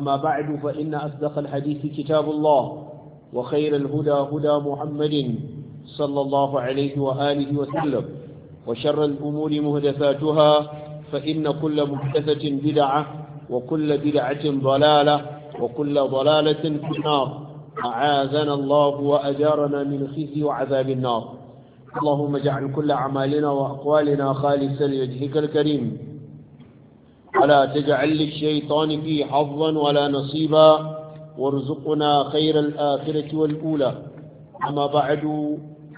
أما بعد فإن أصدق الحديث كتاب الله وخير الهدى هدى محمد صلى الله عليه وآله وسلم وشر الأمور مهدثاتها فإن كل محدثة بدعة وكل بدعة ضلالة وكل ضلالة في النار أعاذنا الله وأجارنا من خزي وعذاب النار اللهم اجعل كل أعمالنا وأقوالنا خالصا لوجهك الكريم ولا تجعل للشيطان فيه حظا ولا نصيبا وارزقنا خير الآخرة والأولى أما بعد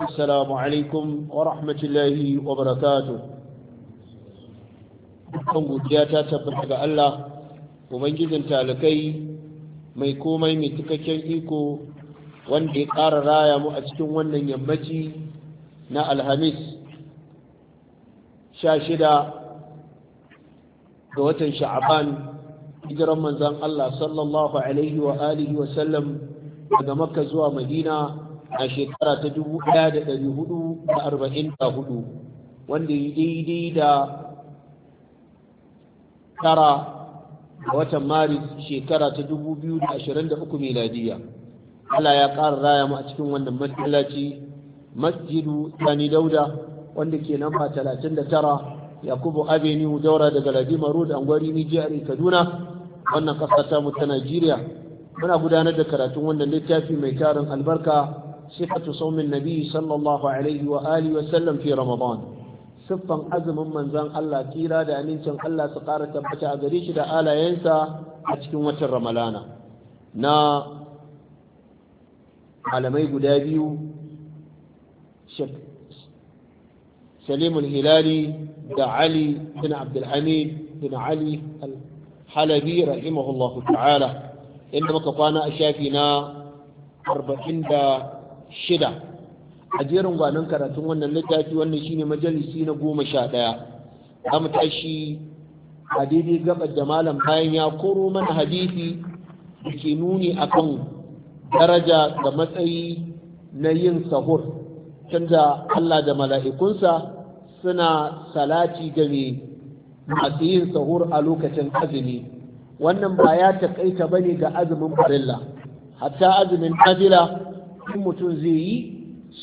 السلام عليكم ورحمة الله وبركاته kan godiya ta tabbata ga Allah ubangijin talakai mai komai mai cikakken iko wanda ya ƙara raya mu a cikin wannan yammaci na alhamis sha shida ga watan sha'aban hijiran manzan Allah sallallahu alaihi wa alihi wa sallam daga makka zuwa madina a shekara ta 1444 wanda ya daidai da tara ga watan maris shekara ta 2023 miladiya Allah ya ƙara raya mu a cikin wannan matsalaci masjidu sani dauda wanda ke namba 39 yakubu avenue daura daga ladima road angwari ni jihar kaduna wannan ƙasa ta mu ta najeriya muna gudanar da karatun wannan littafi mai tarin albarka sifatu saumin nabi sallallahu alaihi wa alihi wa sallam fi ramadan siffan azumin manzon Allah kira da amincin Allah su ƙara tabbata a gare shi da alayensa a cikin watan ramalana na malamai guda biyu salim hilali da ali bin abdulhamid bin ali al-halabi rahimahullahu ta'ala inda muka kwana a shafi na 46 a jerin gwanin karatun wannan littafi wannan shine majalisi na goma sha ɗaya za mu tashi a daidai gabar da bayan ya koro mana hadisi da ke nuni akan daraja da matsayi na yin sahur canza Allah da mala'ikunsa suna salati game masu yin sahur a lokacin azumi wannan ba ya takaita ba ne ga azumin farilla hatta azumin nafila in mutum zai yi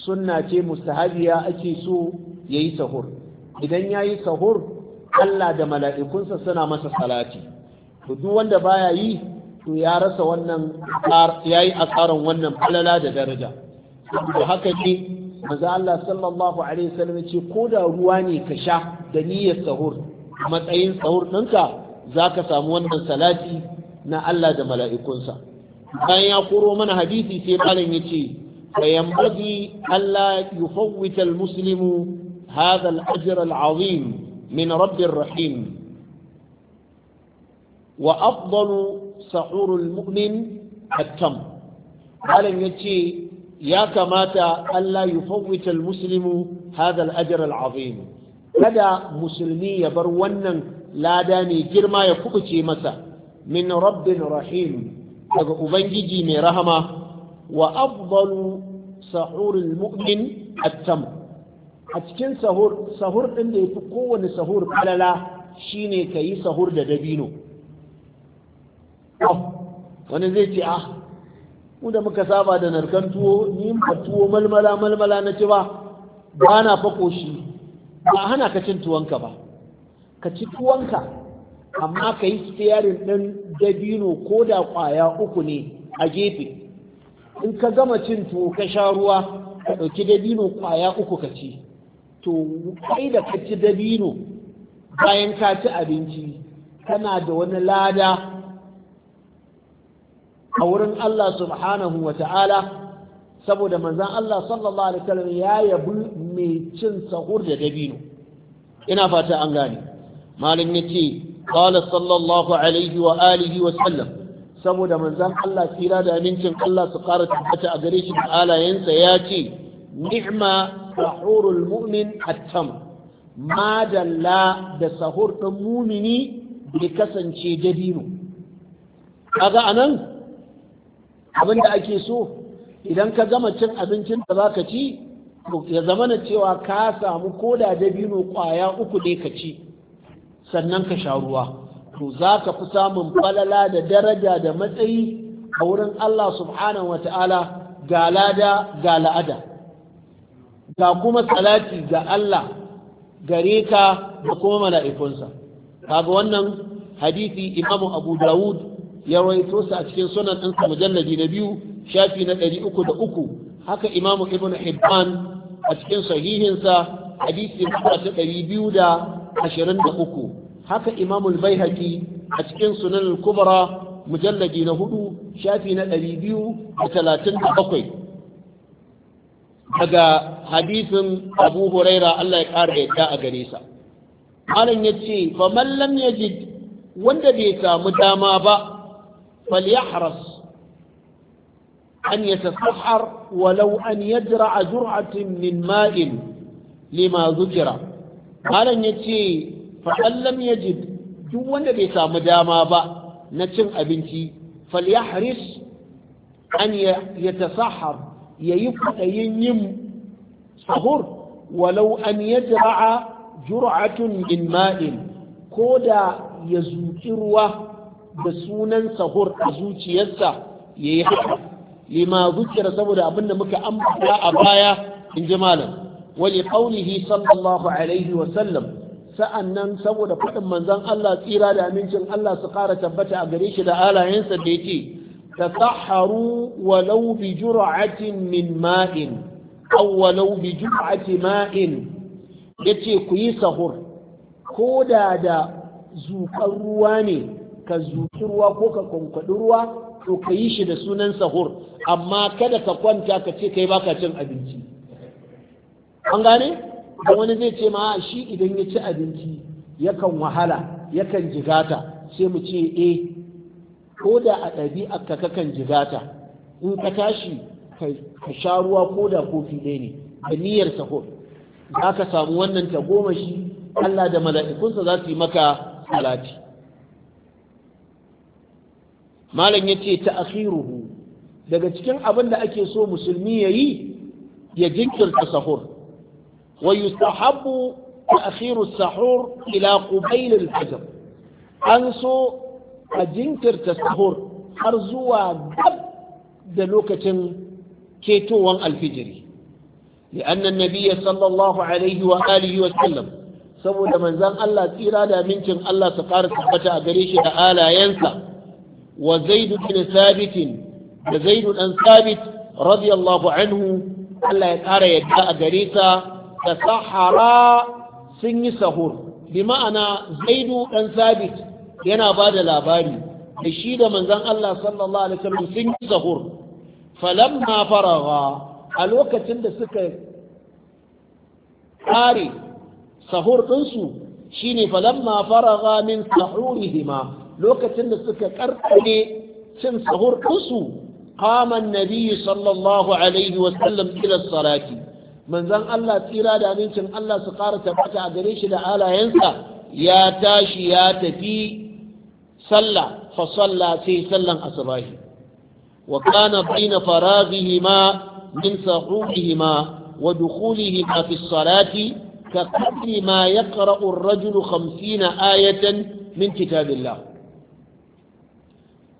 suna ce mustahabiya ake so ya yi sahur idan ya yi sahur allah da mala'ikunsa suna masa salati to duk wanda baya yi to ya rasa wannan ya yi wannan falala da daraja haka ne manzo Allah sallallahu alaihi wasallam ce ko da ruwa ne ka sha da niyyar sahur matsayin sahur ɗinka zaka samu wannan salati na Allah da mala'ikunsa bayan ya koro mana hadisi sai malam yace fayanbaghi alla Allah yi hadha al-ajr al-azim min rabbir rahim wa afdalu sahurul mu'min at-tam malam yace ya kamata Allah yi fawwita muslimu hada al-ajr azim kada musulmi ya bar wannan lada ne girma ya kubuce masa min rabbin rahim daga ubangiji mai rahama wa afdalu sahurul mu'min at a cikin sahur sahur din da fi kowane sahur kalala shine kayi sahur da dabino wani zai ce ah mu da muka saba da narkan tuwo ni ba tuwo malmala malmala na ci ba ba na fako shi ba hana ka cin tuwonka ba ka ci tuwonka amma ka yi siyarin ɗan dabino ko da ƙwaya uku ne a gefe in ka gama cin tuwo ka sha ruwa ka ɗauki dabino ƙwaya uku ka ci to kai da ka ci dabino bayan ka ci abinci kana da wani lada a wurin Allah subhanahu wa ta'ala saboda manzan Allah sallallahu alaihi wasallam ya yabi mai cin sahur da dabino ina fata an gane malam yace qala sallallahu alaihi wa alihi wa sallam saboda manzan Allah tsira da amincin Allah su ƙara tabbata a gare shi da alayensa ya ce ni'ma sahurul mu'min attam, madalla da sahur ɗin mumini da kasance dabino kaga anan abin da ake so idan ka gama cin abincin da za ka ci ya zama na cewa ka samu koda dabino kwaya uku ne ka ci sannan ka sha ruwa to za ka fi samun falala da daraja da matsayi a wurin Allah subhanahu wata'ala ga lada ga la'ada ga kuma salati ga Allah gare ka da kuma mala'ikunsa kaga wannan hadisi imamu abu dawud ya rawaito su a cikin sunan ɗinsa mujalladi na biyu shafi na ɗari uku da uku haka imamu ibn hibban a cikin sahihinsa hadisi namba ta ɗari biyu da ashirin da uku haka imamu baihaqi a cikin sunan kubra mujalladi na hudu shafi na ɗari biyu da talatin da bakwai daga hadisin abu huraira allah ya ƙara yadda a gare sa malam ya ce fa mallam ya wanda bai samu dama ba فليحرص أن يتسحر ولو أن يجرع جرعة من ماء لما ذكر قال أن يتي فأن لم يجد دون بيسا مداما با نتن أبنتي فليحرص أن يتسحر ييبقى ينم سهر ولو أن يجرع جرعة من ماء كودا يزوكروا da sunan sahur a zuciyarsa ya yi haka lima zukira saboda abin da muka ambata a baya in ji malam wani kaunihi sallallahu alaihi wasallam sa'annan saboda faɗin manzan Allah tsira da amincin Allah su ƙara tabbata a gare shi da alayensa da yake tasaharu walau bi jur'atin min ma'in aw walau bi jur'ati ma'in yace ku yi sahur ko da da zuƙar ruwa ne ka zuki ruwa ko ka kwankwaɗi ruwa to ka yi shi da sunan sahur amma kada ka kwanta ka ce kai baka cin abinci an gane da wani zai ce ma shi idan ya ci abinci yakan wahala yakan jigata sai mu ce eh ko da a ɗabi'a ka kakan jigata in ka tashi ka sha ruwa ko da kofi ɗaya ne da niyyar sahur za ka samu wannan tagomashi Allah da mala'ikunsa za su yi maka salati malam ya ce ta daga cikin abin da ake so musulmi ya yi ya jinkirta sahur wa yustahabbu ta'khiru sahur ila qubayl al an so a jinkirta sahur har zuwa gab da lokacin ketowan alfijiri Nabiya sallallahu alaihi wa alihi wa sallam, saboda manzan Allah tsira da mincin Allah su ƙara tabbata a gare shi da alayensa wa zaid bin thabit da Zaidu Ɗan thabit radiyallahu anhu Allah ya ƙara yadda a gare sa da sahara sun yi sahur bi ma'ana zaid dan yana ba da labari da shi da manzon Allah sallallahu alaihi sun yi sahur falamma faragha a lokacin da suka kare sahur ɗinsu shine falamma faraga min sahurihima lokacin da suka karkare cin sahur ɗinsu kaman nabi sallallahu alaihi wasallam ila salati manzan Allah tsira da amincin Allah su kara tabbata a gare shi da alayensa ya tashi ya tafi sallah fa sallah sai sallan asubahi wa kana baina faragihima min sahurihima wa dukhulihi fi salati ka qadri ma yaqra'u ar-rajulu 50 ayatan min kitabillah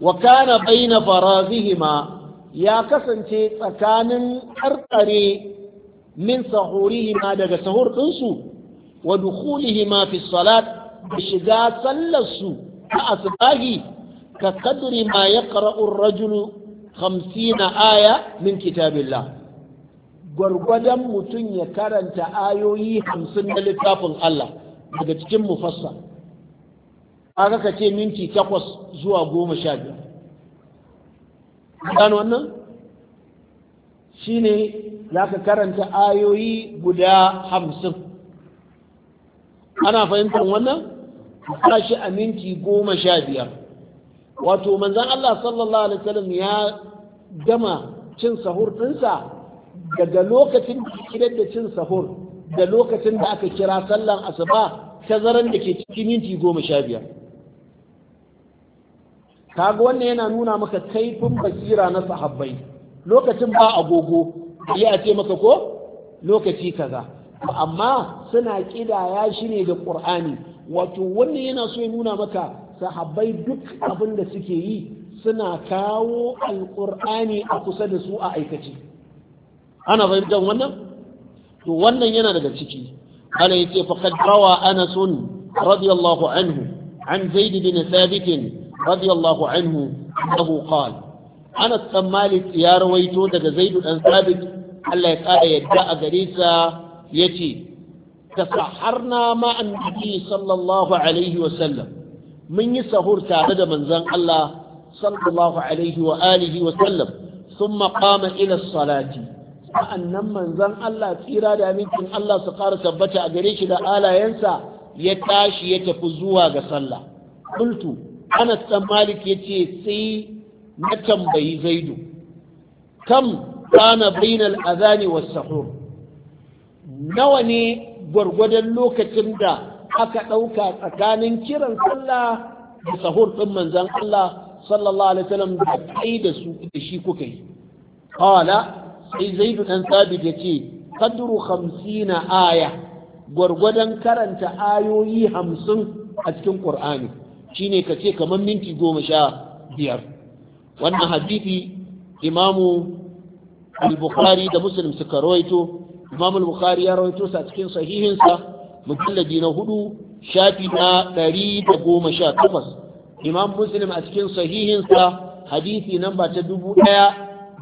wa kana baina farazihima ya kasance tsakanin ƙarƙare min sahurihima daga sahur ɗinsu wa dukhulihima fi salat da shiga sallarsu ta asbahi ka kadri ma yaqra'u ar-rajulu 50 aya min kitabillah gwargwadon mutum ya karanta ayoyi hamsin na littafin Allah daga cikin mufassa kaga ka ce minti takwas zuwa goma sha biyar gano wannan Shi ne za ka karanta ayoyi guda hamsin ana fahimtar wannan ka shi a minti goma sha biyar wato manzan Allah sallallahu alaihi wasallam ya gama cin sahur ɗinsa daga lokacin kidan da cin sahur da lokacin da aka kira sallan asuba zaren da ke cikin minti goma sha biyar kaga wannan yana nuna maka kaifin basira na sahabbai lokacin ba agogo yi a ce maka ko lokaci kaza amma suna kidaya shi ne da ƙur'ani wato wannan yana so ya nuna maka sahabbai duk abin da suke yi suna kawo alƙur'ani a kusa da su a aikace ana fahimtar wannan to wannan yana daga ciki ana yace faqad rawa anasun radiyallahu anhu an zaid bin thabit رضي الله عنه أنه قال أنا مالك يا رويتو دك زيد بن ثابت الله يقال يدعى قريسة يتي تسحرنا مع النبي صلى الله عليه وسلم من يسهر تعبد من زن الله صلى الله عليه وآله وسلم ثم قام إلى الصلاة sa'annan manzon Allah tsira da amincin Allah su ƙara tabbata a gare shi da alayensa ya tashi ya tafi zuwa ga sallah. Kultu anas dan malik ya ce sai na tambayi zaidu kam kana bainal azani was sahur nawa ne gwargwadon lokacin da aka ɗauka tsakanin kiran sallah da sahur ɗin manzan Allah sallallahu alaihi wasallam da kai da su da shi kuka yi qala sai zaidu dan sabit yace qadru 50 aya gwargwadon karanta ayoyi hamsin a cikin qur'ani shine ka ce kamar minti goma sha biyar wannan hadisi imamu al-bukhari da muslim suka rawaito imamu al-bukhari ya rawaito sa cikin sahihinsa mujalladi na hudu shafi na ɗari da goma sha takwas imam muslim a cikin sahihinsa hadisi namba ta dubu ɗaya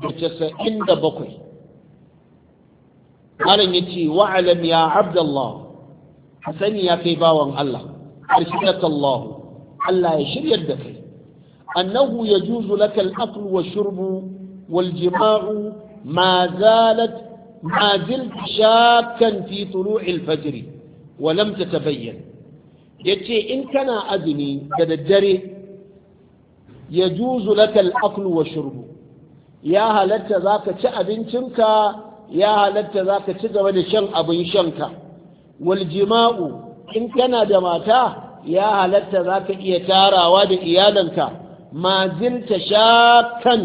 da casa'in da bakwai malam ya ce wa'alam ya abdallah sani ya kai bawan allah arshidaka Allah ya shirya da kai annahu yajuzu laka al-akl wa shurbu wal jima'u ma zalat ma shakkan fi tulu'i al-fajr wa lam tatabayyan yace in kana azumi da daddare yajuzu laka al-akl wa shurbu ya halatta zaka ci abincinka ya halatta zaka ci gaba da shan abin shanka wal jima'u in kana da mata ya halatta za ka iya tarawa da iyalanka ma zilta shakan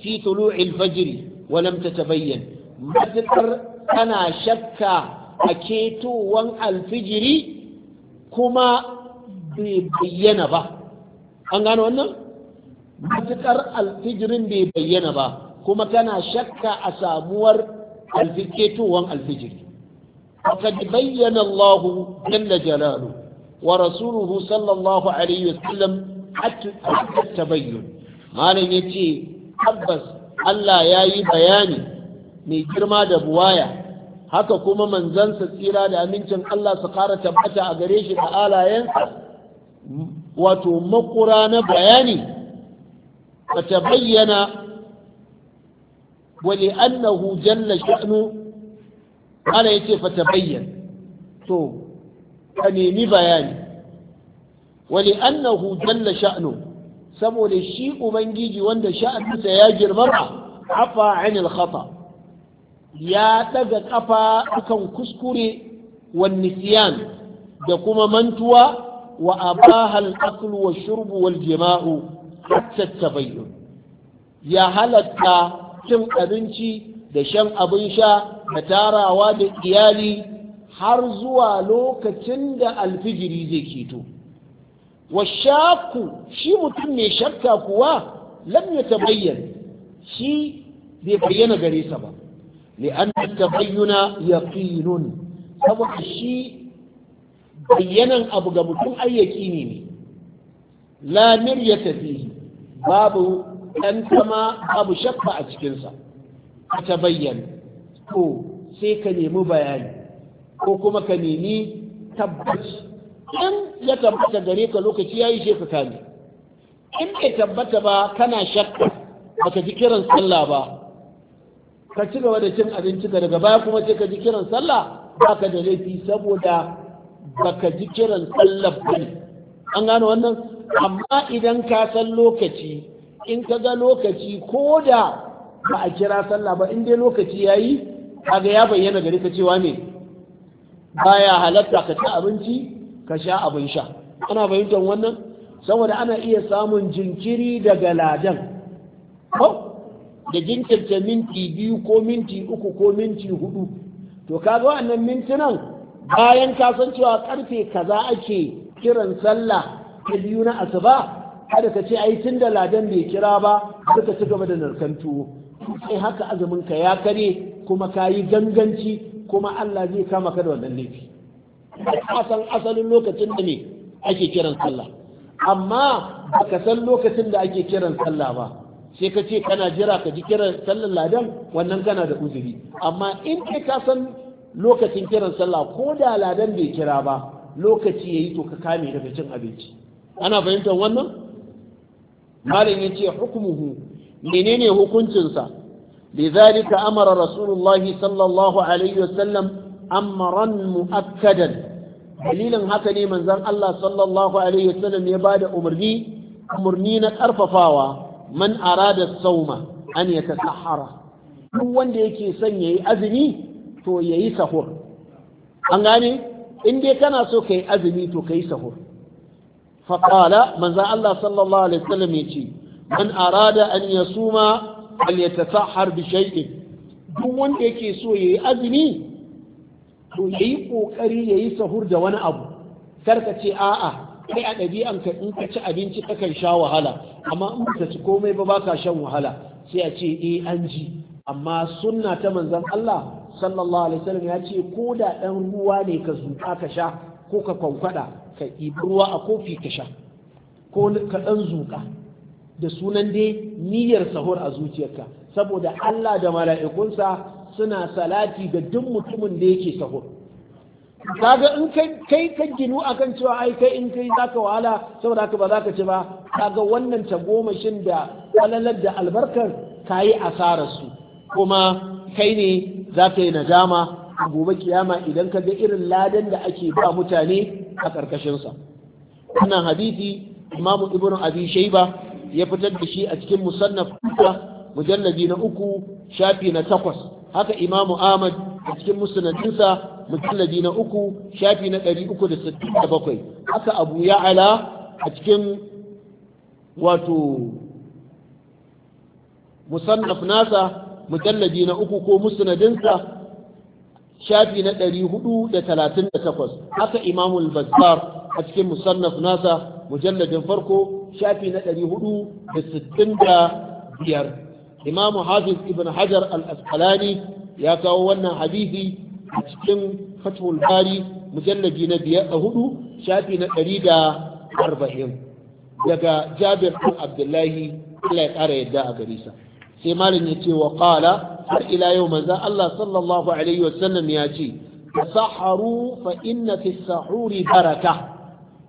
fi tulu'il fajiri walam ta tabayyan matuƙar ana shakka a ketowan alfijiri kuma bai bayyana ba an gano wannan matuƙar alfijirin bai bayyana ba kuma kana shakka a samuwar alfiketowan alfijiri فقد bayyana, Allahu! جل جلاله wa rasuluhu sallallahu alaihi wasallam hatta tabayyun malam yace tabbas Allah ya yi bayani mai girma da buwaya haka kuma manzansa tsira da amincin Allah su kara tabbata a gare shi da alayensa wato makura na bayani ba ta bayyana Wani annahu jalla sha'nu ala yace fa bayyana to ka nemi bayani Wani annahu jalla sha'nu saboda shi ubangiji wanda sha'aninsa ya girmama afa anil khata ya daga kafa akan kuskure wan nisyan da kuma mantuwa wa abahal aklu wa shurbu wal jima'u hatta tabayyun ya halatta cin abinci da shan abin sha da tarawa da iyali har zuwa lokacin da alfijiri zai keto washaku shi mutum mai shakka kuwa lam ya tabayyan shi bai bayyana gare sa ba li'an tabayyuna yaqinun saboda shi bayyanan abu ga mutum ayyaki ne ne la miryata tafi babu ɗan kama abu shakka a cikinsa ta bayyana to sai ka nemi bayani ko kuma ka nemi tabbaci in ya tabbata gare ka lokaci ya yi ka kame in bai tabbata ba kana shakka baka ji kiran sallah ba ka ci gaba da cin abinci ka daga baya kuma sai ka ji kiran sallah ka da laifi saboda baka ji kiran sallah ba ne. an gano wannan amma idan ka san lokaci in ka ga lokaci ko da ba a kira sallah ba in dai lokaci yayi kaga ya bayyana gare ka cewa ne baya halatta ka ci abinci ka sha abin sha ana fahimtar wannan saboda ana iya samun jinkiri daga ladan ko da jinkirta minti biyu ko minti uku ko minti hudu to kaga wannan mintunan bayan cewa karfe kaza ake kiran sallah ta biyu na asuba kada ka ce ai tun da ladan bai kira ba ka ci gaba da narkan tuwo sai haka azumin ka ya kare kuma ka yi ganganci kuma Allah zai kama ka da wannan laifi asan asalin lokacin da ne ake kiran sallah amma baka san lokacin da ake kiran sallah ba sai ka ce kana jira ka ji kiran sallar ladan wannan kana da uzuri amma in kai ka san lokacin kiran sallah ko da ladan bai kira ba lokaci yayi to ka kame daga cin abinci ana fahimtar wannan malam yace hukumuhu menene hukuncinsa لذلك أمر رسول الله صلى الله عليه وسلم أمرا مؤكدا دليلا هكذا من ذن الله صلى الله عليه وسلم يبادى أمرني أمرنين أرففاوا من أراد الصوم أن يتسحر duk wanda yake son yayi azumi to yayi sahur an gane in dai kana so kayi azumi to kai sahur fa qala Allah sallallahu alaihi wasallam yace man arada an suma. bal yatasahhar bi shay'in duk wanda yake so yayi azumi to yayi kokari yayi sahur da wani abu karka ce a'a kai a ɗabi'an ka in ka ci abinci kakan sha wahala amma in ka ci komai ba baka shan wahala sai a ce eh an ji amma sunna ta manzon Allah sallallahu alaihi wasallam ya ce ko da ɗan ruwa ne ka zuƙa ka sha ko ka kwankwada ka ibi ruwa a kofi ka sha ko ka ɗan zuƙa da sunan dai niyyar sahur a zuciyarka saboda Allah da mala'ikunsa suna salati ga duk mutumin da yake sahur kaga in kai ka ginu akan cewa ai kai in kai zaka wahala saboda haka ba zaka ci ba kaga wannan tagomashin da kwalalar da albarkar kayi asarar su kuma kai ne zaka yi a gobe kiyama idan ka ga irin ladan da ake ba mutane a ƙarƙashinsa wannan hadisi imamu ibn abi shaiba ya fitar da shi a cikin musannaf mujallabi na uku shafi na takwas haka imamu ahmad a cikin musnadinsa mujallabi na uku shafi na ɗari uku da sittin da bakwai haka abu ya'ala a cikin wato musannaf nasa mujallabi na uku ko musnadinsa shafi na ɗari hudu da talatin da takwas haka imamu al a cikin musannaf nasa mujalladin farko shafi na ɗari hudu da sittin da biyar imam hafiz ibn hajar al-asqalani ya kawo wannan hadisi a cikin fathul bari mujallabi na biyar da hudu shafi na ɗari da arba'in daga jabir ɗan abdullahi Allah ya ƙara yadda a gare sa sai malin ya ce wa ƙala har ila yau manzan Allah sallallahu alaihi wasallam ya ce saharu fa inna fi sahuri baraka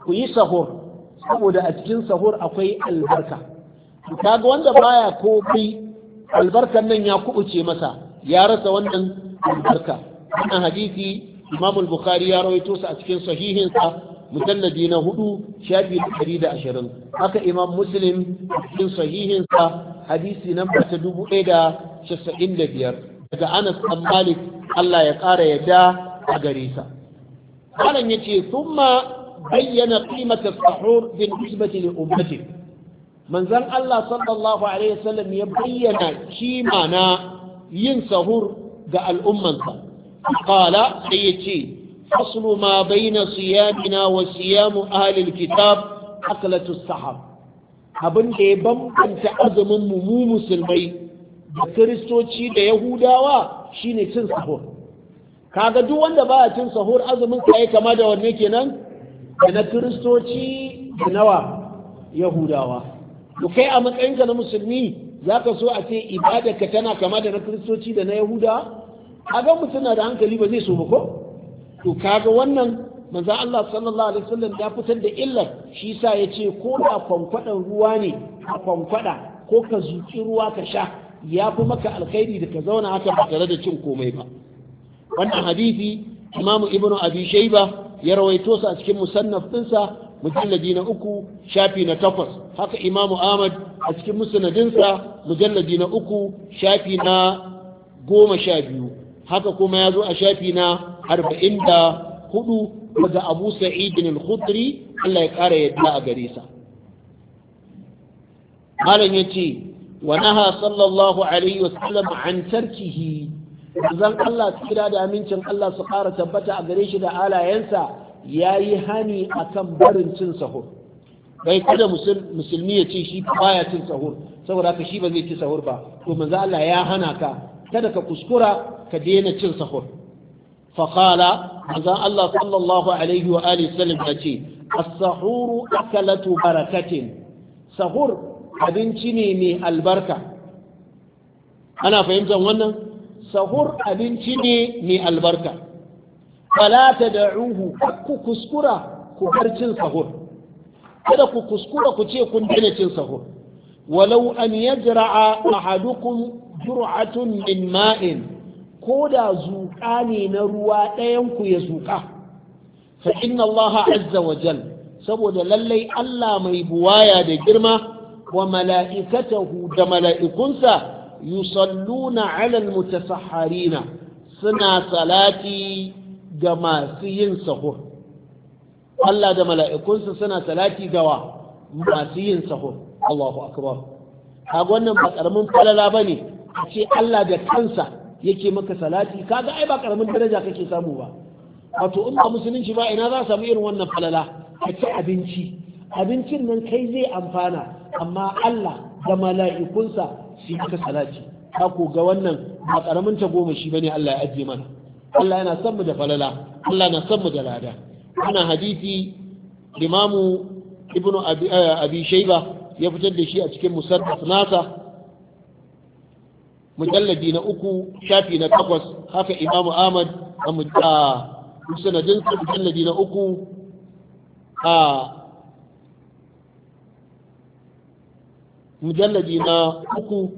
ku yi sahur saboda a cikin sahur akwai albarka kaga wanda baya ko bai albarkan nan ya kubuce masa ya rasa wannan albarka wannan hadisi imam al-bukhari ya rawaito sa a cikin sahihinsa mujalladi na hudu shafi ɗari da ashirin haka imam muslim cikin sahihinsa hadisi nan ta dubu ɗaya da casa'in da biyar daga anas ɗan malik allah ya ƙara yadda a gare sa malam ya ce summa bayyana qimata sahur bin nisbati li ummati manzon Allah sallallahu alaihi wasallam ya bayyana kima na yin sahur ga al'ummansa qala sai yace faslu ma baina siyamina wa siyamu ahli alkitab aklatu sahab abin da ya bambanta azumin mu mu musulmai da kiristoci da yahudawa shine cin sahur kaga duk wanda ba cin sahur azumin sa kama da wanne kenan da na kiristoci da nawa yahudawa to kai a matsayinka na musulmi za ka so a ce ibadarka tana kama da na kiristoci da na Yahudawa? a ga mutum na da hankali ba zai so ba ko to kaga wannan manzo Allah sallallahu alaihi wasallam ya fitar da illar shi sa ce ko da kwankwadan ruwa ne a kwankwada ko ka zuci ruwa ka sha ya fi maka alkhairi da ka zauna haka ba tare da cin komai ba wannan hadisi imamu ibnu abi shayba ya rawaito su a cikin musannaf ɗinsa mujalladi na uku shafi na takwas haka imamu ahmad a cikin musanadinsa mujalladi na uku shafi na goma sha biyu haka kuma ya zo a shafi na arba'in da hudu daga abu sa'idin al-khudri Allah ya kara yadda a gare sa malam ce wa naha sallallahu alaihi wasallam an tarkihi zan Allah su kira da amincin Allah su ƙara tabbata a gare shi da halayensa ya yi hani a kan barin cin sahur bai kada musulmi ya ce shi baya cin sahur saboda ka shi ba zai ci sahur ba to manzo Allah ya hana ka kada ka kuskura ka daina cin sahur fa qala manzo Allah sallallahu alaihi wa alihi sallam ya ce as-sahuru akalatu barakatin sahur abinci ne mai albarka ana fahimtar wannan sahur abinci ne mai albarka fala ta ruhu ku kuskura ku bar cin sahur kada ku kuskura ku ce kun daina cin sahur walau an a ahadukum jur'atun min ma'in ko da zuƙa ne na ruwa ɗayan ku ya zuƙa fa inna Allah azza wa jal saboda lallai Allah mai buwaya da girma wa mala'ikatahu da mala'ikunsa yusalluna ala almutasahharina suna salati ga masu yin sahur Allah da mala'ikunsa suna salati gawa masu yin sahur Allahu akbar wannan ba karamin falala bane a ce Allah da kansa yake maka salati kaga ai ba karamin daraja kake samu ba wato in ba musulunci ba ina za samu irin wannan falala a abinci abincin nan kai zai amfana amma Allah da mala'ikunsa shi maka salati ka ko ga wannan ba karamin ta goma shi bane Allah ya ajiye mana Allah yana san mu da falala Allah na san mu da lada Ana hadisi imamu ibnu abi eh, abi shayba ya fitar da shi a cikin musannaf nasa mujalladi na uku shafi na takwas haka imamu ahmad a musanadin mujalladi na uku a Mujallaji na uku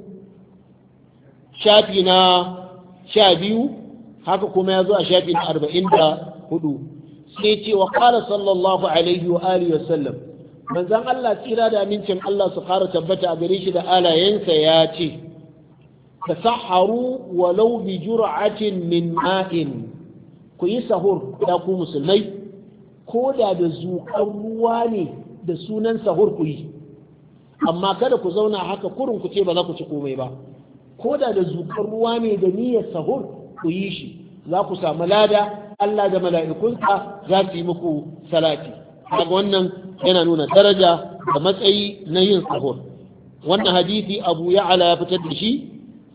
shafi na sha biyu haka kuma ya zo a shafi na arba'in da hudu sai ce wa kala sallallahu alaihi wa alihi wa sallam manzan Allah tsira da amincin Allah su fara tabbata a gare shi da alayensa ya ce tasahharu walau bi jur'atin min ma'in ku yi sahur da ku musulmai ko da da zuƙar ruwa ne da sunan sahur ku yi amma kada ku zauna haka kurin ku ce ba za ku ci komai ba ko da da zukar ruwa ne da niyyar sahur ku yi shi za ku samu lada Allah da mala'ikunsa za su yi muku salati daga wannan yana nuna daraja da matsayi na yin sahur wannan hadisi abu ya'ala ya fitar da shi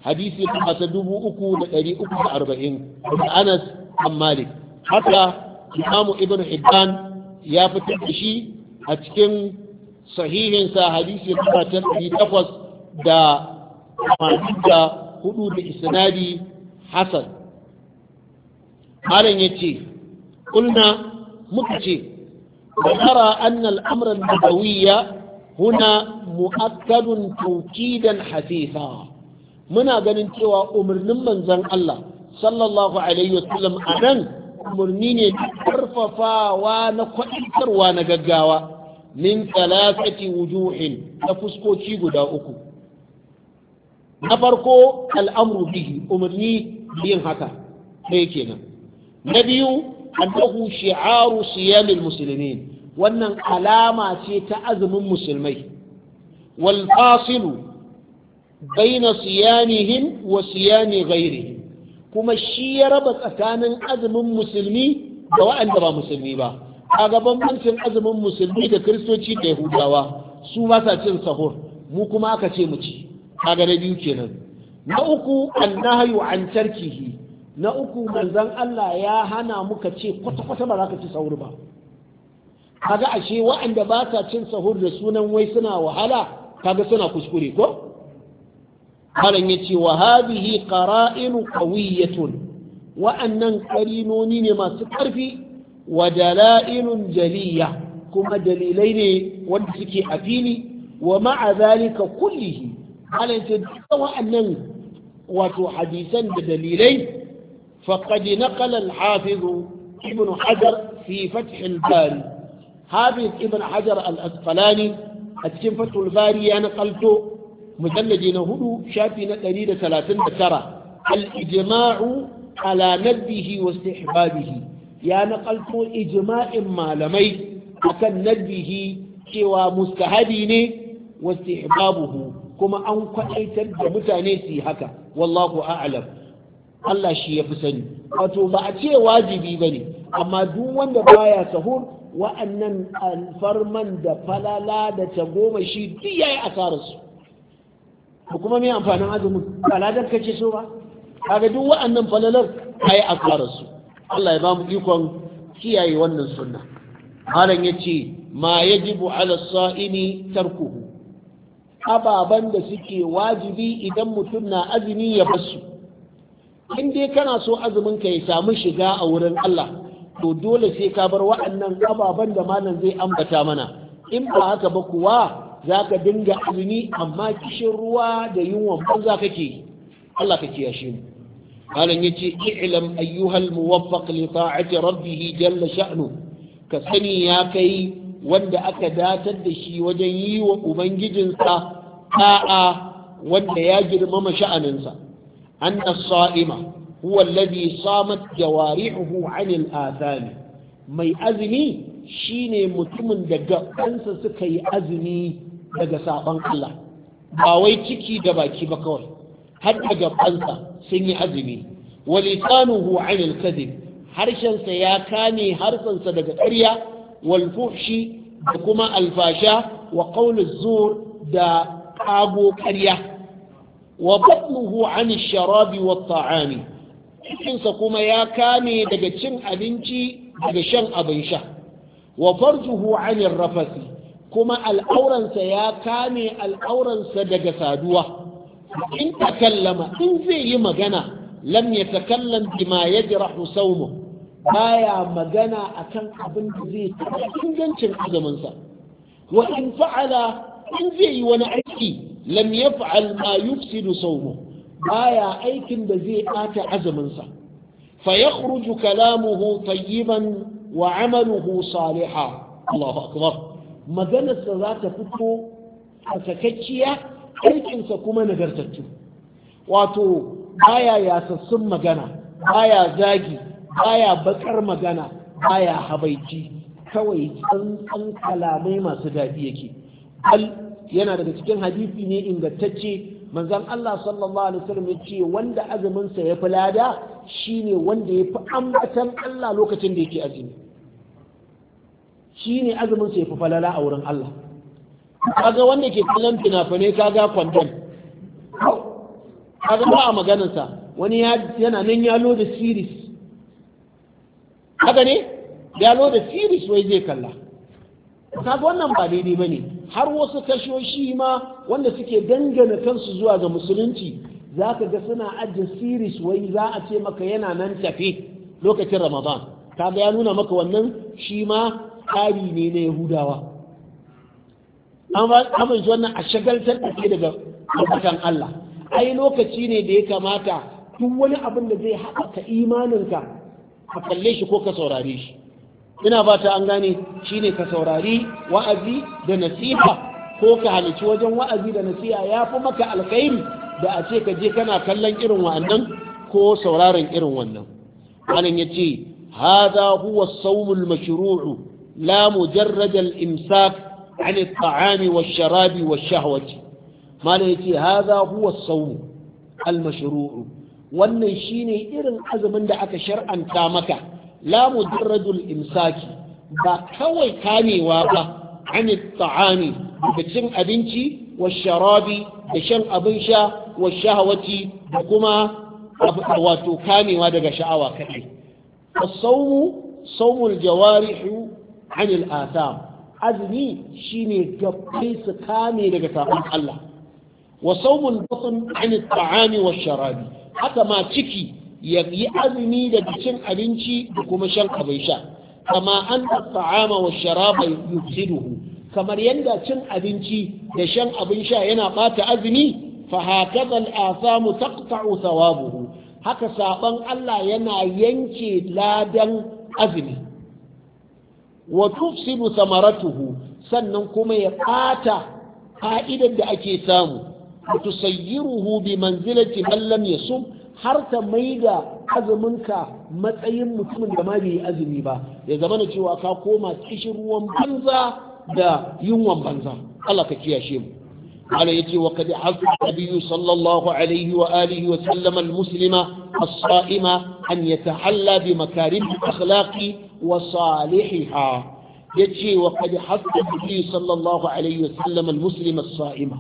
hadisi kuma ta dubu uku da ɗari uku da arba'in da anas an malik haka imamu ibn hibban ya fitar da shi a cikin sahihinsa hadisi na ɗari takwas da da hudu da isnadi hasan malam ya ce kulna muka ce ونرى أن الأمر النبوي هنا مؤكد توكيدا حثيثا muna ganin cewa umarnin manzon Allah sallallahu alaihi wasallam a nan umarni ne karfafawa na kwaɗitarwa na gaggawa min talafati wujuhin na fuskoki guda uku na farko al'amru bihi umarni yin haka ɗaya kenan na biyu annahu shi'aru siyamil muslimin wannan alama ce ta azumin musulmai wal fasilu baina siyanihim wa siyami ghairihim kuma shi ya raba tsakanin azumin musulmi da wa'anda ba musulmi ba gaban bambancin azumin musulmi da kristoci da yahudawa su ba cin sahur mu kuma aka ce mu ci kaga na biyu kenan na uku annahyu an tarkihi na uku manzon Allah ya hana muka ce kwata kwata ba za ka ci sahur ba kaga ashe wa'anda ba sa cin sahur da sunan wai suna wahala kaga suna kuskure ko malam yace wa hadhihi qara'inu qawiyyatun wa'annan qarinoni ne masu karfi wa dalailun jaliya kuma dalilai ne wanda suke a fili wa ma'a zalika kullihi halinta duka wa'annan wato hadisan da dalilai faƙadi na al-hafiz ibn hajar fi fath al-bari hafiz ibn hajar al a cikin fath na bari ya mujalladi na hudu shafi na ɗari da da talatin tara al-ijma'u ala nadbihi wa istihbabihi ya naƙalto ijma'in malamai akan nabihi cewa Mustahadi ne wastihbabuhu kuma an kwaɗaitar da mutane su yi haka wallahu a'lam Allah shi ya fi sani wato ba a ce wajibi ba ne amma duk wanda baya sahur wa'annan alfarman da falala da tagoma shi duk yayi asararsu Ba kuma me amfanin azumin ba ladan kace so ba kaga duk wa'annan falalar kai asararsu Allah ya ba mu ikon kiyaye wannan sunna malam yace ma yajibu ala sa'imi tarkuhu ababan da suke wajibi idan mutum na azumi ya basu in dai kana so azumin ka ya samu shiga a wurin Allah to dole sai ka bar wa'annan ababan da malam zai ambata mana in ba haka ba kuwa za ka dinga azumi amma kishin ruwa da yunwa banza ke, Allah ka kiyashe mu malam yace i'lam ayyuhal muwaffaq li ta'ati rabbih jalla sha'anu, ka sani ya kai wanda aka datar da shi wajen yi wa ubangijinsa "A'a," wanda ya girmama sha'aninsa anna sa'ima huwa alladhi samat jawarihuhu 'anil athami mai azumi shine mutumin da gabansa suka yi azumi daga saban Allah ba wai ciki da baki ba kawai har da gabansa sun yi azumi wa lisanuhu kadhib harshensa ya kame harsansa daga ƙarya wal fuhshi da kuma alfasha wa qawl zur da kago ƙarya wa batnuhu 'an sharabi wat ta'ami kuma ya kame daga cin abinci daga shan abin sha wa farjuhu 'an rafasi kuma al'auransa ya kame al'auransa daga saduwa in takallama in zai yi magana lam ya takallam bima ya jirahu saumu baya magana akan abin da zai taɓa ingancin azaminsa wa in fa'ala in zai yi wani aiki lam ya fa'al ma yufsidu saumu baya aikin da zai ɓata azaminsa fa ya kalamuhu tayyiban wa amaluhu saliha Allahu akbar maganarsa za ta fito a sakakkiya aikinsa kuma nagartattu wato baya yasassun magana baya zagi baya bakar magana baya habaici kawai tsantsan kalamai masu daɗi yake al yana daga cikin hadisi ne ingantacce manzan Allah sallallahu alaihi wasallam yace wanda azuminsa sa ya fi lada shine wanda ya fi ambatan Allah lokacin da yake azumi shine azumin sa ya fi falala a wurin Allah kaga wanda ke kallon fina-finai kaga kwandon kaga ba a maganarsa wani yana nan ya loda siris kaga ne ya loda siris wai zai kalla kaga wannan ba daidai ba ne har wasu kashoshi ma wanda suke dangana kansu zuwa ga musulunci za ka ga suna ajiye siris wai za a ce maka yana nan tafi lokacin ramadan kaga ya nuna maka wannan shi ma tsari ne na yahudawa an wannan a shagaltar ake daga ambatan Allah ai lokaci ne da ya kamata duk wani abin da zai haɓaka imaninka ka kalle shi ko ka saurare shi ina ba ta an gane shine ka saurari wa'azi da nasiha ko ka halici wajen wa'azi da nasiha ya fi maka alkhairi da a ce ka je kana kallon irin wa'annan ko sauraron irin wannan wannan ya ce hada huwa saumul mashru'u la mujarrajal imsak عن الطعام والشراب والشهوة ما ليتي هذا هو الصوم المشروع wannan shine irin azumin da aka shar'anta maka la mujarradul imsaki ba kawai kamewa ba an ta'ami da cin abinci wa sharabi da shan abin sha wa shahawati da kuma wato kamewa daga sha'awa kadai as-sawmu sawmul jawarihu anil atham azumi shine gabbai su kame daga sabon Allah wa sawmul batn an taami wa sharabi haka ma ciki ya yi azumi daga cin abinci da kuma shan abin sha kama an taama wash-sharaba yufsiduhu kamar yanda cin abinci da shan abin sha yana bata azumi fa hakaza al-asamu taqta'u thawabuhu haka sabon Allah yana yanke ladan azumi wa tufsidu samaratuhu sannan kuma ya ɓata fa'idar da ake samu tusayyiruhu bi manzilati man lam yasum har ta maida azuminka matsayin mutumin da ma bai yi azumi ba ya zama na cewa ka koma kishin ruwan banza da yunwan banza Allah ka kiyashe mu قال يتي وقد عفى النبي صلى الله عليه وآله وسلم المسلم الصائم أن يتحلى بمكارم الأخلاق wa salihiha yace wa qad hasa nabi sallallahu alaihi wasallam almuslima as-sa'ima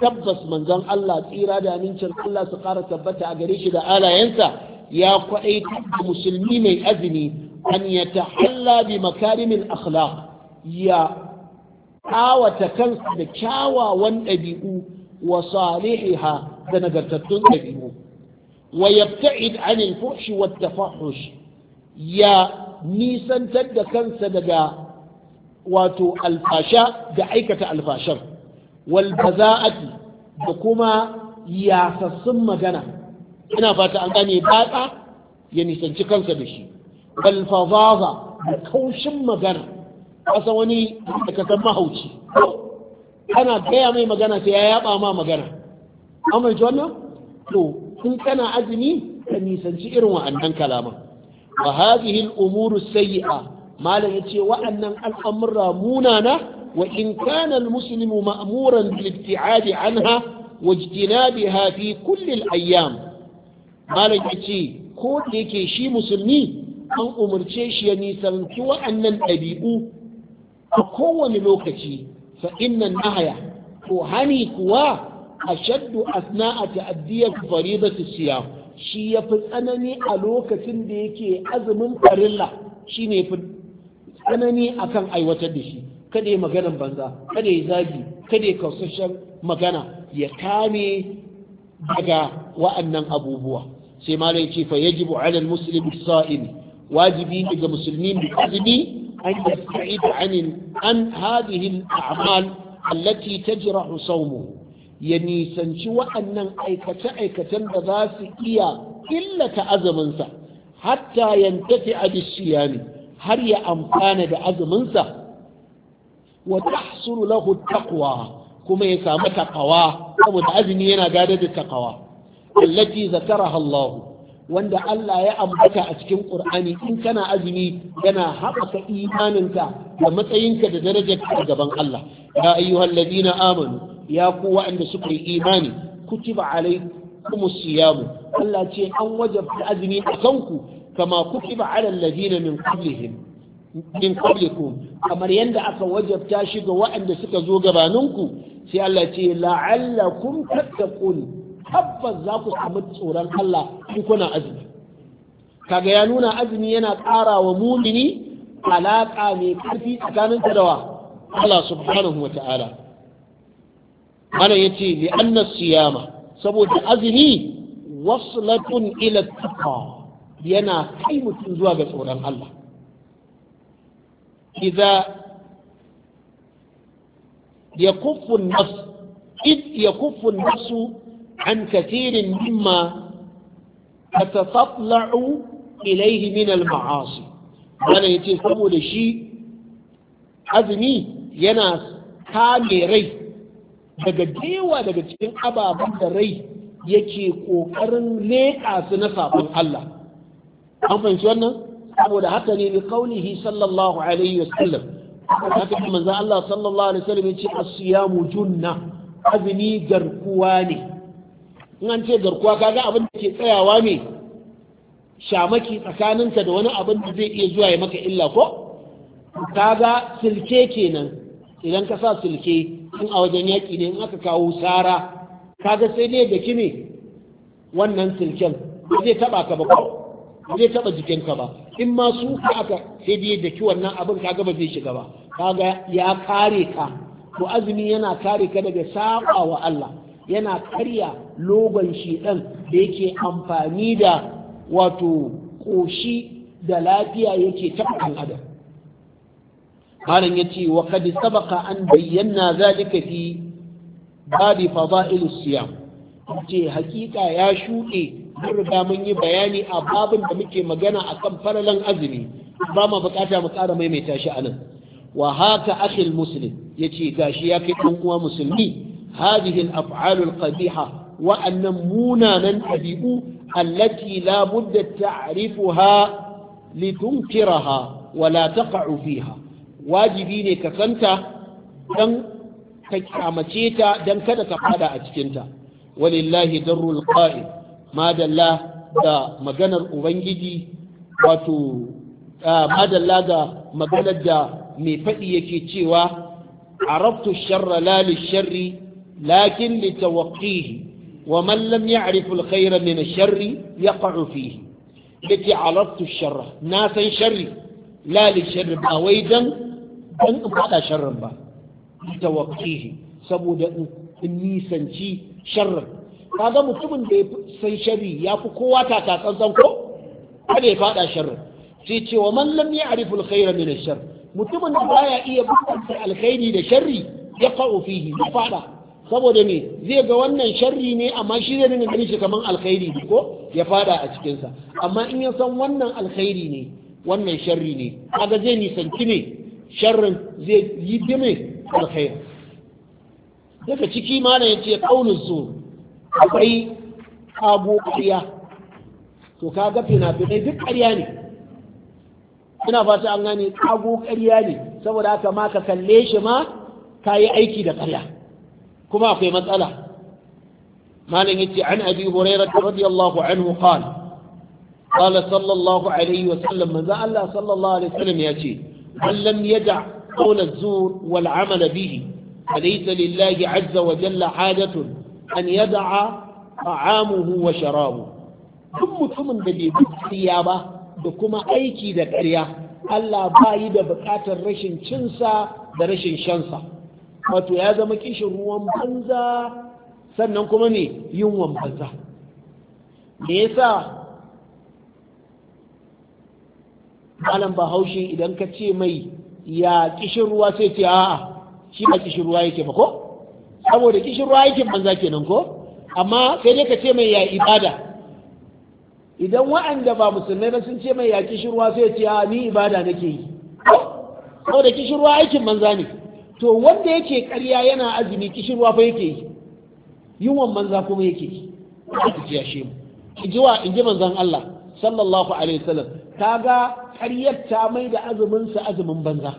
tabbas manzon Allah tsira da amincin Allah su kara tabbata a gare shi da alayensa ya kwaɗaita da musulmi mai azumi an ya tahalla bi makarimin akhlaq ya awata kansa da kyawawan ɗabi'u wa salihiha da nagartattun ɗabi'u wa yabta'id anil fuhshi wat tafahush ya nisantar da kansa daga wato alfasha da aikata alfashar wal baza'ati da kuma yasassun magana ina fata an gane batsa ya nisanci kansa da shi wal fazaza da kaushin magana kasa wani da san mahauci ana gaya mai magana sai ya yaba ma magana amma ji wannan to in kana azumi ka nisanci irin wa'annan kalaman وهذه الأمور السيئة ما لهتي وأن الأمر مونانا وإن كان المسلم مأمورا بالابتعاد عنها واجتنابها في كل الأيام ما لهتي كون يكي شي مسلمي أن أمرتيش يني سنتو أن الأبيء أقوى من لوكتي فإن النهاية وهني كوا أشد أثناء تأدية فريضة الصيام shi ya fi tsanani a lokacin da yake azumin farilla shi ne fi tsanani akan aiwatar da shi kada ya maganan banza kada zagi kada ya kausashen magana ya kame daga wa'annan abubuwa sai ma ce fa yajibu ala muslim sa'im wajibi daga ga musulmi bi azumi an yasta'id an an hadhihi al-a'mal allati tajrahu sawmuhu ya nisanci wa'annan aikace-aikacen da za su iya illata azuminsa hatta yantafi abishiya ne har ya amfana da azuminsa wa tahsulu lahu taqwa kuma ya samu takawa saboda azumi yana gadar da takawa allati zakaraha Allah wanda Allah ya ambata a cikin Qur'ani in kana azumi yana haɓaka imaninka da matsayinka da darajarka a gaban Allah ya ayyuhallazina amanu ya ku waɗanda suka yi imani kutiba alaikum siyamu Allah ce an wajabta azumi a kanku kama kutiba ala alladhina min qablihim min qablikum kamar yanda aka wajabta shi ga waɗanda suka zo gabaninku sai Allah ce la'allakum tattaqun tabbas za ku samu tsoron Allah in kuna azumi kaga ya nuna azumi yana ƙara wa mumini alaƙa mai ƙarfi tsakanin da wa Allah subhanahu wa ta'ala ana yace li anna siyama saboda azumi waslatun ila taqwa yana kai mutum zuwa ga tsoron Allah idza yakuffu an-nafs id yakuffu an-nafs an kathirin mimma tatatla'u ilayhi min al-ma'asi wannan yace saboda shi azumi yana kame rai daga dewa daga cikin ababen da rai yake ƙoƙarin leƙa su na sabon Allah an fahimci wannan saboda haka ne bi qaulihi sallallahu alaihi wasallam haka ne manzo Allah sallallahu alaihi wasallam yace as-siyamu junna azumi garkuwa ne in an ce garkuwa kaga abin da ke tsayawa ne shamaki tsakaninka da wani abin da zai iya zuwa ya maka illa ko kaga silke kenan idan ka sa sulke in a wajen yaƙi ne in aka kawo sara kaga sai dai da kime wannan sulken ba zai taba ka ba ba zai taba jikinka ba in ma su ka aka sai dai da ki wannan abin kaga ba zai shiga ba kaga ya kare ka to azumi yana kare ka daga saba wa Allah yana karya logon ɗan da yake amfani da wato ƙoshi da lafiya yake taɓa adam malam yace wa qad sabaqa an bayyana zalika fi babi fada'ilus siyam ce haƙiƙa ya shuɗe mun riga mun yi bayani a babin da muke magana akan faralan azumi ba ma bukata mu ƙara maimaita shi anan wa haka akhil muslim yace gashi ya kai dan uwa musulmi hadhihi al-af'al al-qabiha wa annam munanan tabi'u allati la budda ta'rifuha litunkiraha wa la fiha wajibi ne ka santa don ka kyamace ta dan kada ka fada a cikinta walillahi darrul qa'id madalla da maganar ubangiji wato madalla da maganar da mai faɗi yake cewa arabtu sharra la sharri lakin li tawqihi wa man lam ya'rif al khayra min sharri yaqa'u fihi yake arabtu sharra na san sharri la sharri ba wai dan ban in faɗa sharrin ba tawaqqihi saboda in nisanci sharrin kaga mutumin da ya san sharri ya fi kowa ta tsantsan ko kada ya faɗa sharrin sai ce wa man lam ya'rifu al min ash mutumin da baya iya bambanta alkhairi da sharri ya fa'u fihi ya faɗa. saboda me zai ga wannan sharri ne amma shi zai dinga ganin shi kaman alkhairi ne ko ya faɗa a cikin sa amma in ya san wannan alkhairi ne wannan sharri ne kaga zai nisanci ne sharrin zai yi dime alkhair daga ciki malam ya ce kaunin su akwai abu ƙarya to ka ga fina-finai duk ƙarya ne ina fata an gane kago ƙarya ne saboda haka ma ka kalle shi ma ka yi aiki da ƙarya kuma akwai matsala malam yace an abi hurairah radiyallahu anhu qala qala sallallahu alaihi wa sallam manzo Allah sallallahu alaihi wa sallam yace من لم يدع قول الزور والعمل به فليس لله عز وجل عادة أن يدع طعامه وشرابه duk mutumin da bai ƙarya ba da kuma aiki da karya, Allah ba yi da buƙatar rashin cinsa da rashin shansa wato ya zama kishin ruwan banza sannan kuma ne yunwan banza me yasa malam bahaushe idan ka ce mai ya kishin ruwa sai ce a'a shi ba kishin ruwa yake ba ko saboda kishin ruwa yake banza kenan ko amma sai dai ka ce mai ya ibada idan wa'anda ba musulmai ba sun ce mai ya kishin ruwa sai ce a ni ibada nake yi saboda kishin ruwa aikin banza ne to wanda yake karya yana azumi kishin ruwa fa yake yi yunwan manza kuma yake yi ba ta ciyashe mu in ji manzan Allah sallallahu alaihi wasallam kaga ƙaryar ta mai da azuminsa azumin banza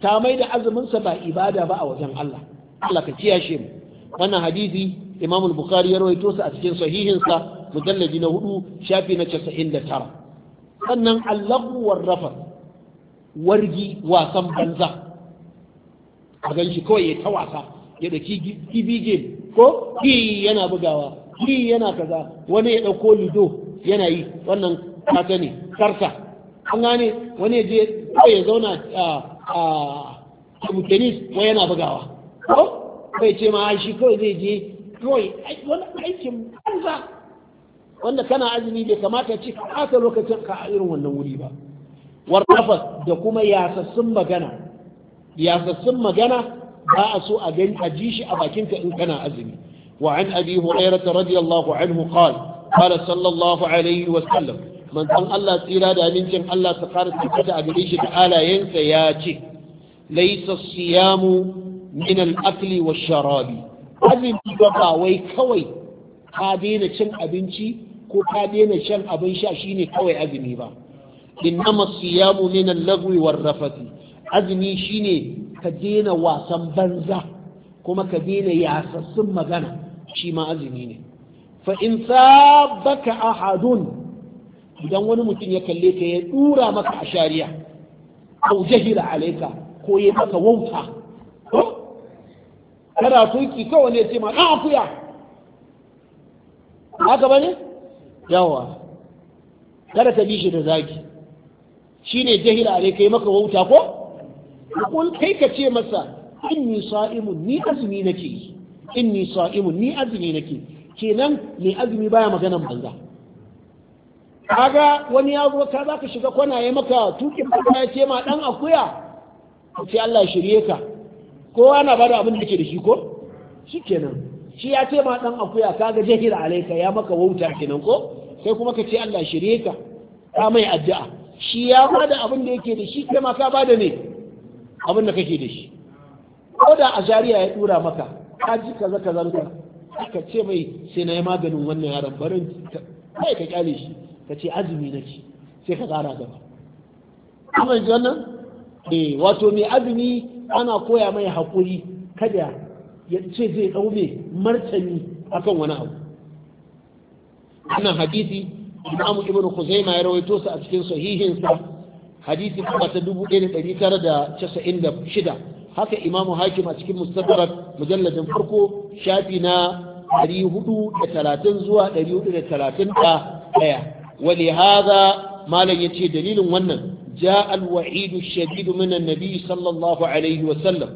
ta mai da azuminsa ba ibada ba a wajen Allah Allah ka kiyashe mu wannan hadisi Imam al-Bukhari ya rawaito sa a cikin sahihinsa mujallaji na hudu shafi na tara. sannan allahu warrafa wargi wasan banza a gan shi kawai ya ta wasa ya da kibi game ko ki yana bugawa ki yana kaza wani ya dauko lido yana yi wannan kaka ne Karsa, an gane wani ya je ya zauna a wa wai yana bugawa ko bai ce ma shi kawai zai je kawai wani aikin banza wanda kana azumi bai kamata ci ka ɓata lokacin ka a irin wannan wuri ba wartafas da kuma yasassun magana yasassun magana ba a so a gani a ji shi a bakinka in kana azumi wa an abi hurairah radiyallahu anhu qala qala sallallahu alaihi wa sallam manzon Allah tsira da amincin Allah ta fara tabbata a gare shi da halayensa ya ce laisa siyamu min al wa sharabi azumi ba wai kawai ka daina cin abinci ko ka daina shan abin sha shine kawai azumi ba innama siyamu min al-lagwi war rafati azumi shine ka daina wasan banza kuma ka daina yasassun magana shi ma azumi ne fa in sabaka ahadun idan wani mutum ya kalle ka ya dura maka a shari'a ko jahila alaika ko ya maka wauta ko kada turki kawai ne ce ma dan akuya haka ba ne yawa kada ka bishi da zagi shine jahila alaika ya maka wauta ko kul kai ka ce masa inni sa'imun ni azumi nake inni sa'imun ni azumi nake kenan mai azumi baya maganan banza kaga wani ya zo ka zaka shiga kwana ya maka tuki maka ya ce ma dan akuya sai Allah shirye ka kowa na bada abin da yake da shi ko shikenan shi ya ce ma dan akuya kaga jahil alaika ya maka wauta kenan ko sai kuma ka ce Allah shirye ka ka mai addu'a shi ya bada abin da yake da shi kai ma ka bada ne abin da kake da shi ko da a jariya ya dura maka ka ji kaza kaza ka ce mai sai na yi maganin wannan yaron barin kai ka kyale shi ka ce azumi nake sai ka tsara gaba amma ji wannan eh wato mai azumi ana koya mai haƙuri kada ya ce zai ɗau mai martani akan wani abu wannan hadisi imamu ibn khuzaima ya rawaito sa a cikin sahihinsa hadisi kuma ta dubu shida. haka imamu hakim a cikin mustadrak mujalladin farko shafi na 430 zuwa da ɗaya. wali hada malam yace dalilin wannan ja alwa'idu shadidu mana annabi sallallahu alaihi wa sallam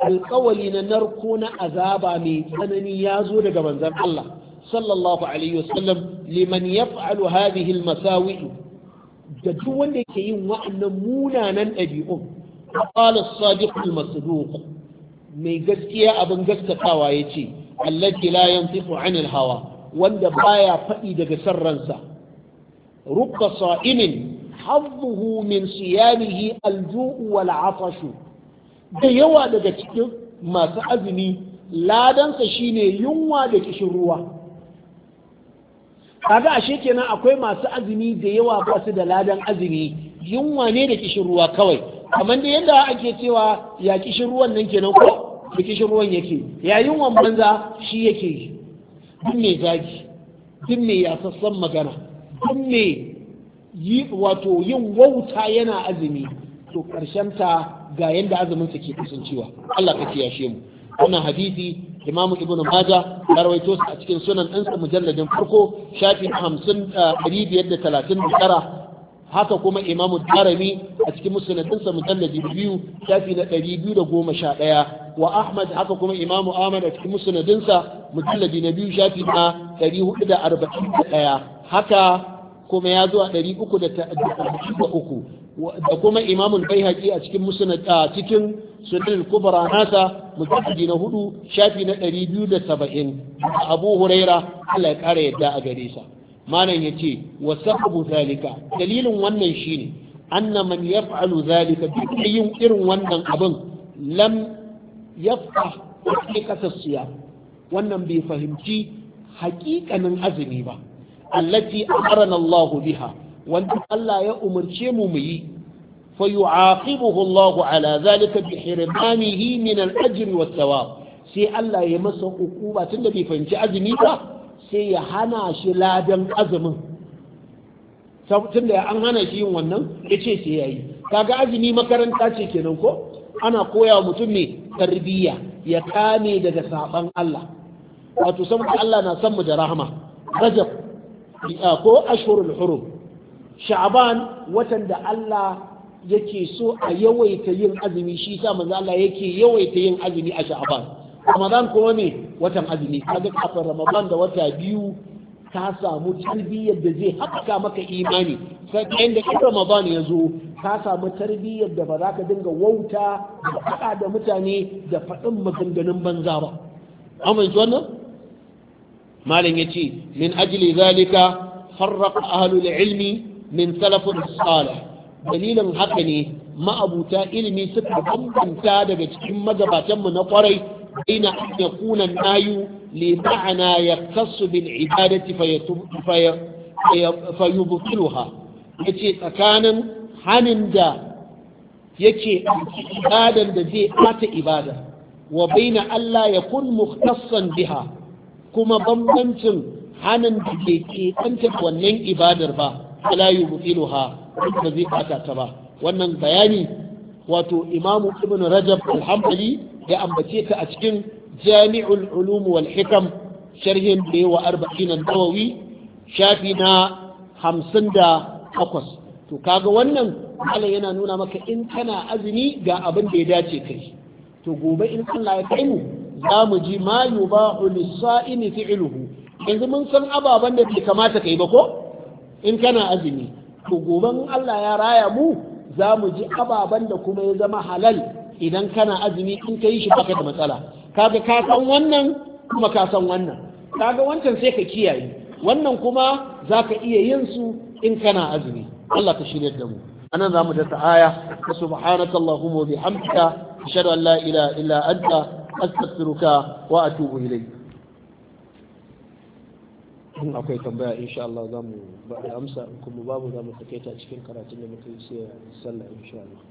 alƙawali na narko na azaba mai tsanani ya zo daga manzan Allah sallallahu alaihi wa sallam liman yaf'alu hadhihi almasawi da duk wanda ke yin wa'annan munanan ɗabi'un qala as-sadiq al-masduq mai gaskiya abin gaskatawa ce allati la yantiqu 'anil hawa wanda baya faɗi daga san ransa rubba sa'imin hazzuhu min siyamihi alju'u wal afashu da yawa daga cikin masu azumi ladansa shine yunwa da kishin ruwa kaga ashe kenan akwai masu azumi da yawa ba su da ladan azumi yunwa ne da kishin ruwa kawai kamar da yadda ake cewa ya kishin ruwan nan kenan ko da kishin ruwan yake ya yunwan banza shi yake yi duk mai zagi duk mai yasassan magana duk mai yi wato yin wauta yana azumi to karshen ta ga yanda azumin sa ke kasancewa Allah ka kiyashe mu wannan hadisi imamu ibnu maja ya rawaito a cikin sunan ɗansa mujalladin farko shafi hamsin ɗari biyar da talatin da tara haka kuma imamu darami a cikin musnadinsa mujalladin biyu shafi na ɗari biyu da goma sha ɗaya wa ahmad haka kuma imamu ahmad a cikin musnadinsa mujalladi na biyu shafi na ɗari da da arba'in ɗaya. haka kuma ya zo a ɗari uku da da Da uku. kuma imamun baihaqi a cikin musnad a cikin sunan kubra nasa mujalladi na hudu shafi na ɗari biyu da 270 abu huraira Allah ya ƙara yadda a gare sa malam ya yace wa sababu zalika dalilin wannan shine anna man yaf'alu zalika bi yin irin wannan abin lam yafqa hakikatas siyam wannan bai fahimci haƙiƙanin azumi ba allati amarana Allah biha wanda Allah ya umarce mu mu yi fa yu'aqibuhu Allah ala zalika bi hirmanihi min al-ajr wa thawab sai Allah ya masa hukuma tunda bai fahimci azumi ba sai ya hana shi ladan azumin tunda an hana shi yin wannan yace sai yayi kaga azumi makaranta ce kenan ko ana koya mutum ne tarbiyya ya kame daga saban Allah wato saboda Allah na san mu da rahama rajab ko ashhurul hurum sha'ban watan da Allah yake so a yawaita yin azumi shi sa manzo Allah yake yawaita yin azumi a sha'ban ramadan kuma ne watan azumi kaga kafin ramadan da wata biyu ka samu tarbiyyar da zai haɓaka maka imani sai da kan ramadan ya zo ka samu tarbiyyar da ba za ka dinga wauta da faɗa da mutane da faɗin maganganun banza ba amince wannan malam ya ce min ajli zalika farraqa ahlul ilmi min salafun salih dalilin haka ne ma'abuta ilimi suka bambanta daga cikin magabatanmu na kwarai بين أن يكون النهي لمعنى يختص بالعبادة فيبطلها yace tsakanin hannun da yake ibadan da zai ɓata ibada wa baina Allah ya kun muhtassan biha kuma bambancin hannun da ke keɓanta wannan ibadar ba ala yubtiluha wanda zai ɓata ta ba wannan bayani wato imamu ibn rajab alhambali ya ambace ta a cikin jami'ul ulum wal hikam sharhin da yawa arba'in nawawi shafi na hamsin da takwas to kaga wannan malam yana nuna maka in kana azumi ga abin da ya dace kai to gobe in Allah ya kai mu za mu ji ma yubahu lis-sa'imi fi'luhu yanzu mun san ababen da bai kamata kai ba ko in kana azumi to gobe in Allah ya raya mu za mu ji ababen da kuma ya zama halal idan kana azumi in ka yi shi baka da matsala kaga ka san wannan kuma ka san wannan kaga wancan sai ka kiyaye wannan kuma za ka iya yin su in kana azumi Allah ka shirya da mu anan za mu da aya? ka subhanaka allahumma wa bihamdika ashhadu an la ilaha illa anta astaghfiruka wa atubu ilayk in akwai tambaya insha Allah za mu ba in amsa kuma babu za mu ta cikin karatun da muka yi sai sallah insha Allah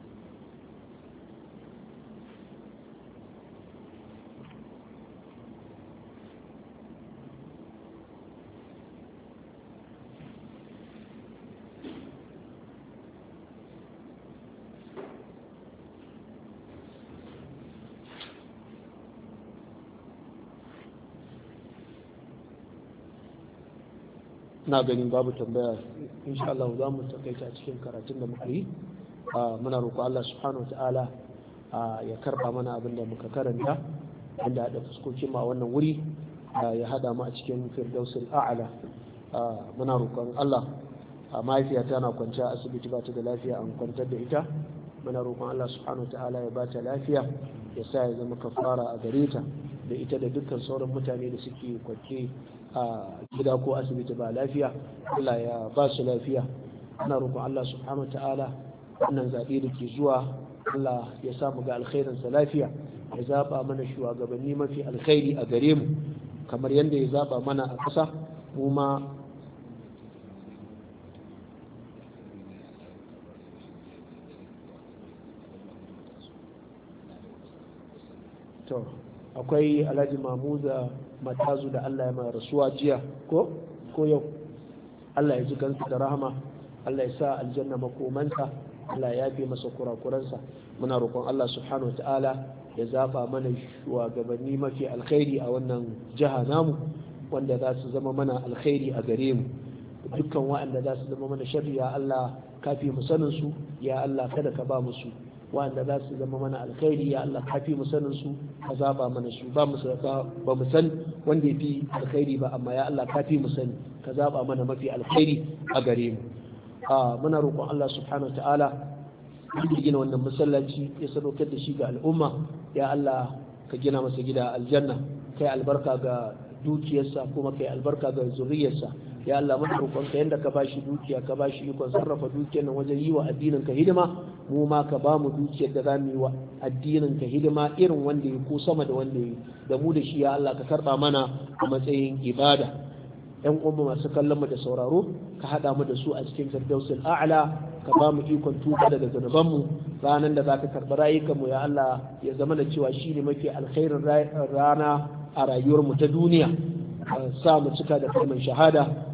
ina ganin babu tambaya insha Allah za mu takaita cikin karatun da muka yi muna roƙo Allah subhanahu wa ta'ala ya karba mana abin da muka karanta inda da fuskoki ma wannan wuri ya haɗa mu a cikin firdausul a'ala muna roƙon Allah mahaifiyata na kwanciya asibiti ba ta da lafiya an kwantar da ita muna roƙon Allah subhanahu ta'ala ya bata lafiya ya sa ya zama kafara a gare ta da ita da dukkan sauran mutane da suke kwance a gida ko asibiti ba lafiya Allah ya ba su lafiya ana roƙon Allah subhanahu ta'ala wannan zaɓe da ke zuwa Allah ya samu ga sa lafiya ya zaɓa mana shugabanni mafi alkhairi a gare mu kamar yadda ya zaɓa mana a ƙasa kuma to akwai alhaji mamuza matazu da allah ya ma rasuwa jiya ko yau allah ya ji gansa da rahama allah ya sa aljanna makomansa allah ya fi masa kurakuransa muna roƙon allah subhanahu ta'ala ya zaba mana shugabanni mafi alkhairi a wannan jiha namu wanda za su zama mana alkhairi a gare mu dukkan waɗanda za su zama mana sharri ya allah kafi mu sanin su ya allah kada ka ba musu wanda za su zama mana alkhairi ya Allah kafi mu sanin su ka zaba mana su ba mu ba mu san wanda yafi alkhairi ba amma ya Allah kafi mu sani ka zaba mana mafi alkhairi a gare mu a muna roƙon Allah subhanahu ta'ala ya gina wannan masallaci ya sadaukar da shi ga al'umma ya Allah ka gina masa gida aljanna kai albarka ga dukiyarsa kuma kai albarka ga zuriyarsa ya Allah muna roƙon ka yanda ka bashi dukiya ka bashi ikon sarrafa dukiyar nan wajen yi wa addinin ka hidima mu ma ka ba mu dukiyar da mu yi wa addinin ka hidima irin wanda ya ko sama da wanda ya da mu da shi ya Allah ka karba mana a matsayin ibada yan uwa masu kallon mu da sauraro ka hada mu da su a cikin firdausul a'la ka ba mu ikon tuka daga mu ranar da za ka karɓi mu ya Allah ya zama da cewa shi ne mafi alkhairin rana a rayuwarmu ta duniya sa mu cika da kalmar shahada